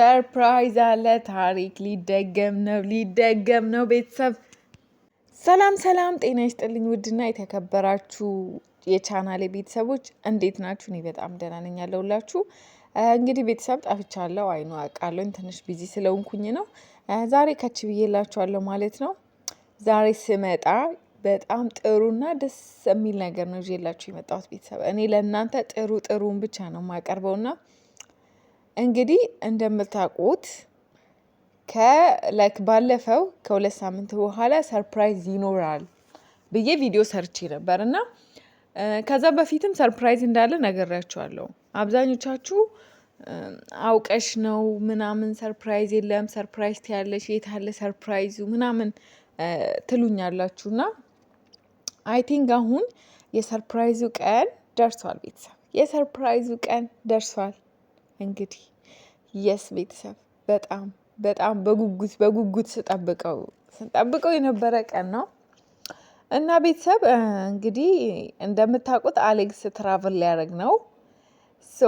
ሰርፕራይዝ አለ። ታሪክ ሊደገም ነው፣ ሊደገም ነው። ቤተሰብ ሰላም ሰላም፣ ጤና ይስጥልኝ። ውድና የተከበራችሁ የቻናሌ ቤተሰቦች እንዴት ናችሁ? እኔ በጣም ደህና ነኝ እንግዲህ ቤተሰብ ጠፍቻለሁ፣ አይኑ አውቃለሁ። ትንሽ ቢዚ ስለሆንኩኝ ነው። ዛሬ ከች ብዬላችኋለሁ ማለት ነው። ዛሬ ስመጣ በጣም ጥሩና ደስ የሚል ነገር ነው ይዤላችሁ የመጣሁት ቤተሰብ። እኔ ለእናንተ ጥሩ ጥሩን ብቻ ነው የማቀርበውና እንግዲህ እንደምታውቁት ከላይክ ባለፈው ከሁለት ሳምንት በኋላ ሰርፕራይዝ ይኖራል ብዬ ቪዲዮ ሰርቼ ነበር እና ከዛ በፊትም ሰርፕራይዝ እንዳለ ነገራችኋለሁ። አብዛኞቻችሁ አውቀሽ ነው ምናምን ሰርፕራይዝ የለም ሰርፕራይዝ ትያለሽ፣ የት አለ ሰርፕራይዙ ምናምን ትሉኛላችሁ እና አይ ቲንክ አሁን የሰርፕራይዙ ቀን ደርሷል። ቤተሰብ የሰርፕራይዙ ቀን ደርሷል። እንግዲህ የስ ቤተሰብ በጣም በጣም በጉጉት በጉጉት ስጠብቀው ስንጠብቀው የነበረ ቀን ነው እና ቤተሰብ እንግዲህ እንደምታውቁት አሌክስ ትራቭል ሊያደርግ ነው። ሶ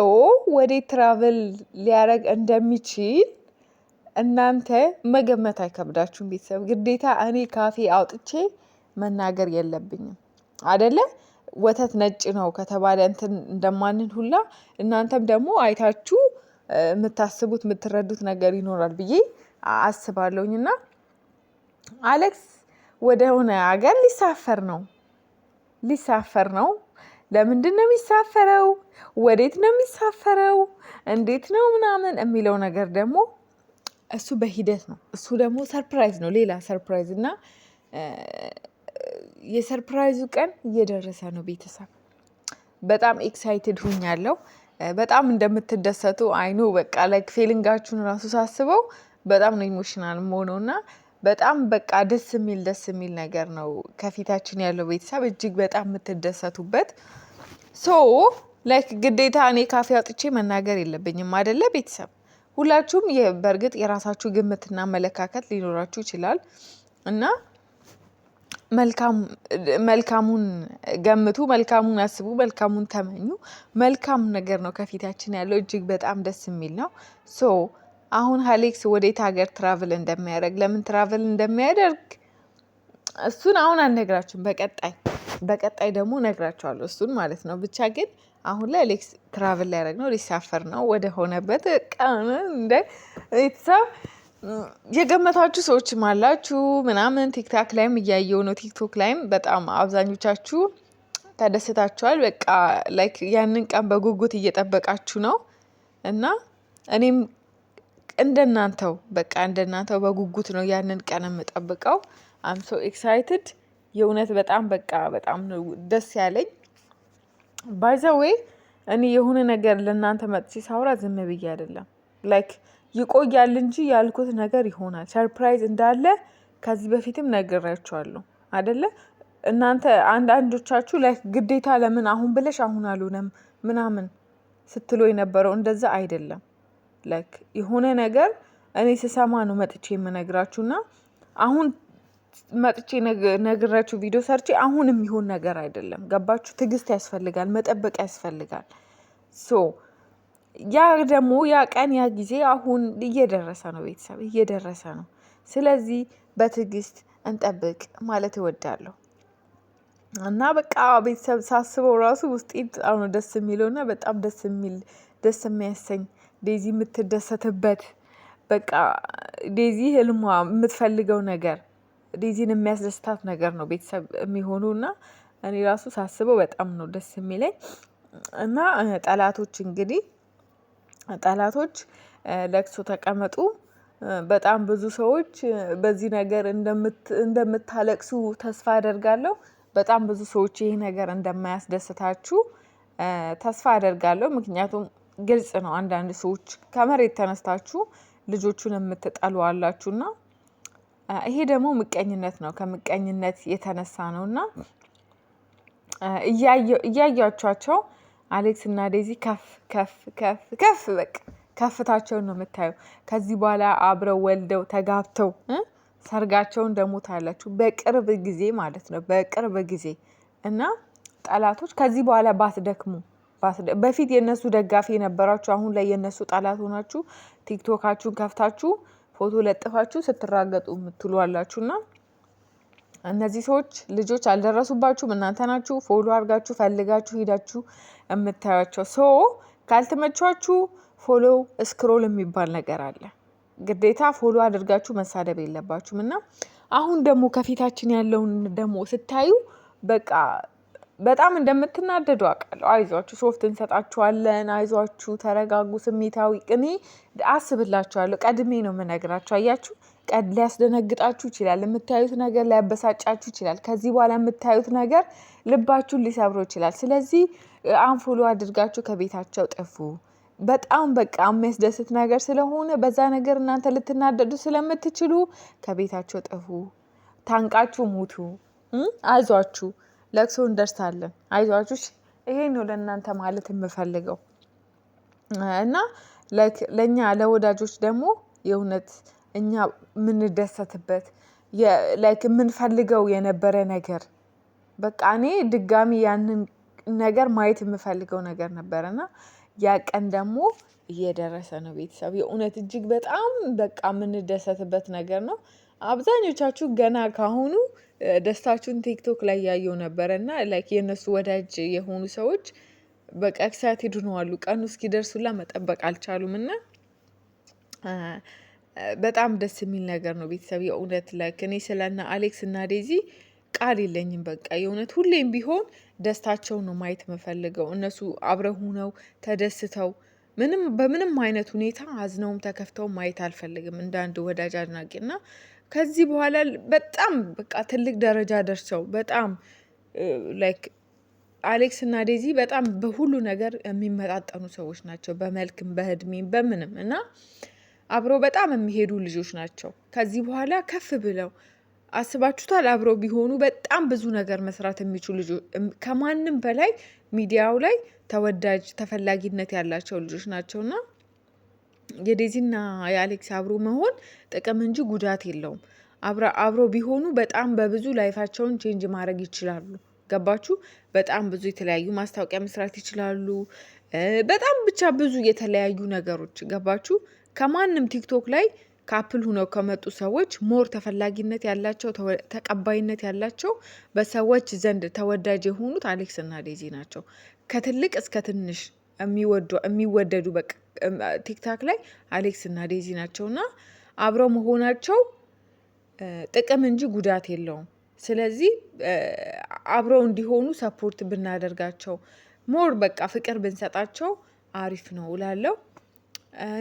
ወደ ትራቭል ሊያደርግ እንደሚችል እናንተ መገመት አይከብዳችሁም ቤተሰብ። ግዴታ እኔ ካፌ አውጥቼ መናገር የለብኝም አደለ? ወተት ነጭ ነው ከተባለ እንትን እንደማንን ሁላ እናንተም ደግሞ አይታችሁ የምታስቡት የምትረዱት ነገር ይኖራል ብዬ አስባለሁኝ። እና አሌክስ ወደ ሆነ ሀገር ሊሳፈር ነው ሊሳፈር ነው። ለምንድን ነው የሚሳፈረው? ወዴት ነው የሚሳፈረው? እንዴት ነው ምናምን የሚለው ነገር ደግሞ እሱ በሂደት ነው። እሱ ደግሞ ሰርፕራይዝ ነው፣ ሌላ ሰርፕራይዝ እና የሰርፕራይዙ ቀን እየደረሰ ነው። ቤተሰብ በጣም ኤክሳይትድ ሁኛለሁ። በጣም እንደምትደሰቱ አይኑ በቃ ላይክ ፌሊንጋችሁን ራሱ ሳስበው በጣም ነው ኢሞሽናል መሆነው እና በጣም በቃ ደስ የሚል ደስ የሚል ነገር ነው ከፊታችን ያለው ቤተሰብ እጅግ በጣም የምትደሰቱበት ሶ ላይክ ግዴታ እኔ ካፌ አውጥቼ መናገር የለብኝም አደለ ቤተሰብ ሁላችሁም በእርግጥ የራሳችሁ ግምትና አመለካከት ሊኖራችሁ ይችላል እና መልካሙን ገምቱ መልካሙን አስቡ መልካሙን ተመኙ መልካም ነገር ነው ከፊታችን ያለው እጅግ በጣም ደስ የሚል ነው። ሶ አሁን ሀሌክስ ወዴት ሀገር ትራቭል እንደሚያደርግ ለምን ትራቭል እንደሚያደርግ እሱን አሁን አልነግራችሁም። በቀጣይ በቀጣይ ደግሞ እነግራችኋለሁ እሱን ማለት ነው። ብቻ ግን አሁን ላይ ሀሌክስ ትራቭል ሊያደርግ ነው፣ ሊሳፈር ነው ወደ ሆነበት ቀን እንደ ቤተሰብ የገመታችሁ ሰዎችም አላችሁ ምናምን ቲክታክ ላይም እያየው ነው። ቲክቶክ ላይም በጣም አብዛኞቻችሁ ተደስታችኋል። በቃ ላይክ ያንን ቀን በጉጉት እየጠበቃችሁ ነው እና እኔም እንደናንተው በቃ እንደናንተው በጉጉት ነው ያንን ቀን የምጠብቀው። አም ሶ ኤክሳይትድ የእውነት በጣም በቃ በጣም ደስ ያለኝ። ባይ ዘ ዌይ እኔ የሆነ ነገር ለእናንተ መጥቼ ሳውራ ዝም ብዬ አይደለም ላይክ ይቆያል እንጂ ያልኩት ነገር ይሆናል። ሰርፕራይዝ እንዳለ ከዚህ በፊትም ነግሬያችኋለሁ አደለ? እናንተ አንዳንዶቻችሁ ላይ ግዴታ ለምን አሁን ብለሽ አሁን አልሆነም ምናምን ስትሎ የነበረው እንደዛ አይደለም። ላይክ የሆነ ነገር እኔ ስሰማ ነው መጥቼ የምነግራችሁና አሁን መጥቼ ነግራችሁ ቪዲዮ ሰርቼ አሁን የሚሆን ነገር አይደለም። ገባችሁ? ትዕግስት ያስፈልጋል፣ መጠበቅ ያስፈልጋል ሶ ያ ደግሞ ያ ቀን ያ ጊዜ አሁን እየደረሰ ነው፣ ቤተሰብ እየደረሰ ነው። ስለዚህ በትዕግስት እንጠብቅ ማለት እወዳለሁ። እና በቃ ቤተሰብ ሳስበው ራሱ ውስጤ በጣም ነው ደስ የሚለውና በጣም ደስ የሚል ደስ የሚያሰኝ ዴዚ የምትደሰትበት በቃ ዴዚ ህልሟ የምትፈልገው ነገር ዴዚን የሚያስደስታት ነገር ነው ቤተሰብ እና እኔ ራሱ ሳስበው በጣም ነው ደስ የሚለኝ እና ጠላቶች እንግዲህ ጠላቶች ለቅሶ ተቀመጡ በጣም ብዙ ሰዎች በዚህ ነገር እንደምታለቅሱ ተስፋ አደርጋለሁ። በጣም ብዙ ሰዎች ይህ ነገር እንደማያስደስታችሁ ተስፋ አደርጋለሁ። ምክንያቱም ግልጽ ነው አንዳንድ ሰዎች ከመሬት ተነስታችሁ ልጆቹን የምትጠሉ አላችሁ ይሄ ደግሞ ምቀኝነት ነው ከምቀኝነት የተነሳ ነው። እና እያያችኋቸው አሌክስ እና ዴዚ ከፍ ከፍ ከፍ ከፍ በቃ ከፍታቸውን ነው የምታየው። ከዚህ በኋላ አብረው ወልደው ተጋብተው ሰርጋቸውን ደግሞ ታያላችሁ በቅርብ ጊዜ ማለት ነው። በቅርብ ጊዜ እና ጠላቶች ከዚህ በኋላ ባትደክሙ በፊት የእነሱ ደጋፊ የነበራችሁ አሁን ላይ የእነሱ ጠላት ሆናችሁ ቲክቶካችሁን ከፍታችሁ ፎቶ ለጥፋችሁ ስትራገጡ የምትሉ አላችሁና እነዚህ ሰዎች ልጆች አልደረሱባችሁም። እናንተ ናችሁ ፎሎ አድርጋችሁ ፈልጋችሁ ሂዳችሁ የምታያቸው። ሶ ካልተመቿችሁ ፎሎ ስክሮል የሚባል ነገር አለ። ግዴታ ፎሎ አድርጋችሁ መሳደብ የለባችሁም። እና አሁን ደግሞ ከፊታችን ያለውን ደግሞ ስታዩ በቃ በጣም እንደምትናደዱ አውቃለሁ። አይዟችሁ፣ ሶፍት እንሰጣችኋለን። አይዟችሁ፣ ተረጋጉ፣ ስሜታዊ ቅኔ አስብላችኋለሁ። ቀድሜ ነው የምነግራችሁ። አያችሁ፣ ቀድ ሊያስደነግጣችሁ ይችላል። የምታዩት ነገር ሊያበሳጫችሁ ይችላል። ከዚህ በኋላ የምታዩት ነገር ልባችሁን ሊሰብረው ይችላል። ስለዚህ አንፎሎ አድርጋችሁ ከቤታቸው ጥፉ። በጣም በቃ የሚያስደስት ነገር ስለሆነ በዛ ነገር እናንተ ልትናደዱ ስለምትችሉ ከቤታቸው ጥፉ። ታንቃችሁ ሙቱ። አይዟችሁ ለቅሶ እንደርሳለን። አይዟችሁ ይሄ ነው ለእናንተ ማለት የምፈልገው እና ለእኛ ለወዳጆች ደግሞ የእውነት እኛ የምንደሰትበት ላይክ የምንፈልገው የነበረ ነገር በቃ እኔ ድጋሚ ያንን ነገር ማየት የምፈልገው ነገር ነበረና ያ ቀን ደግሞ እየደረሰ ነው ቤተሰብ የእውነት እጅግ በጣም በቃ የምንደሰትበት ነገር ነው። አብዛኞቻችሁ ገና ካሁኑ ደስታችሁን ቲክቶክ ላይ ያየው ነበረ እና ላይክ ወዳጅ የሆኑ ሰዎች በቃ ኤክሳይትድ ሆነዋል ቀኑ እስኪደርሱላ መጠበቅ አልቻሉም። እና በጣም ደስ የሚል ነገር ነው ቤተሰብ የእውነት ላይክ እኔ አሌክስ እና ዴዚ ቃል የለኝም። በቃ የእውነት ሁሌም ቢሆን ደስታቸውን ነው ማየት የምፈልገው። እነሱ አብረው ሆነው ተደስተው ምንም በምንም አይነት ሁኔታ አዝነውም ተከፍተው ማየት አልፈልግም እንደ አንድ ወዳጅ አድናቂ እና ከዚህ በኋላ በጣም በቃ ትልቅ ደረጃ ደርሰው በጣም ላይክ አሌክስ እና ዴዚ በጣም በሁሉ ነገር የሚመጣጠኑ ሰዎች ናቸው፣ በመልክም በእድሜም በምንም እና አብረው በጣም የሚሄዱ ልጆች ናቸው። ከዚህ በኋላ ከፍ ብለው አስባችሁታል? አብረው ቢሆኑ በጣም ብዙ ነገር መስራት የሚችሉ ልጆች ከማንም በላይ ሚዲያው ላይ ተወዳጅ ተፈላጊነት ያላቸው ልጆች ናቸውና የዴዚና የአሌክስ አብሮ መሆን ጥቅም እንጂ ጉዳት የለውም። አብሮ ቢሆኑ በጣም በብዙ ላይፋቸውን ቼንጅ ማድረግ ይችላሉ። ገባችሁ? በጣም ብዙ የተለያዩ ማስታወቂያ መስራት ይችላሉ። በጣም ብቻ ብዙ የተለያዩ ነገሮች ገባችሁ? ከማንም ቲክቶክ ላይ ካፕል ሁነው ከመጡ ሰዎች ሞር ተፈላጊነት ያላቸው ተቀባይነት ያላቸው በሰዎች ዘንድ ተወዳጅ የሆኑት አሌክስ እና ዴዚ ናቸው። ከትልቅ እስከ ትንሽ የሚወደዱ ቲክታክ ላይ አሌክስ እና ዴዚ ናቸው እና አብረው መሆናቸው ጥቅም እንጂ ጉዳት የለውም። ስለዚህ አብረው እንዲሆኑ ሰፖርት ብናደርጋቸው ሞር በቃ ፍቅር ብንሰጣቸው አሪፍ ነው እላለሁ።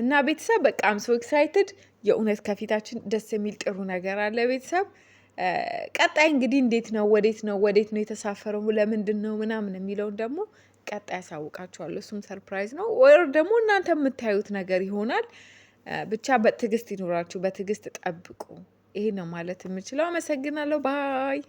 እና ቤተሰብ በቃ አም ሶ ኤክሳይትድ የእውነት ከፊታችን ደስ የሚል ጥሩ ነገር አለ ቤተሰብ። ቀጣይ እንግዲህ እንዴት ነው ወዴት ነው ወዴት ነው የተሳፈረው ለምንድን ነው ምናምን የሚለውን ደግሞ ቀጣይ ያሳውቃችኋለሁ። እሱም ሰርፕራይዝ ነው ወይ ደግሞ እናንተ የምታዩት ነገር ይሆናል። ብቻ በትዕግስት ይኖራችሁ፣ በትዕግስት ጠብቁ። ይሄ ነው ማለት የምችለው። አመሰግናለሁ ባይ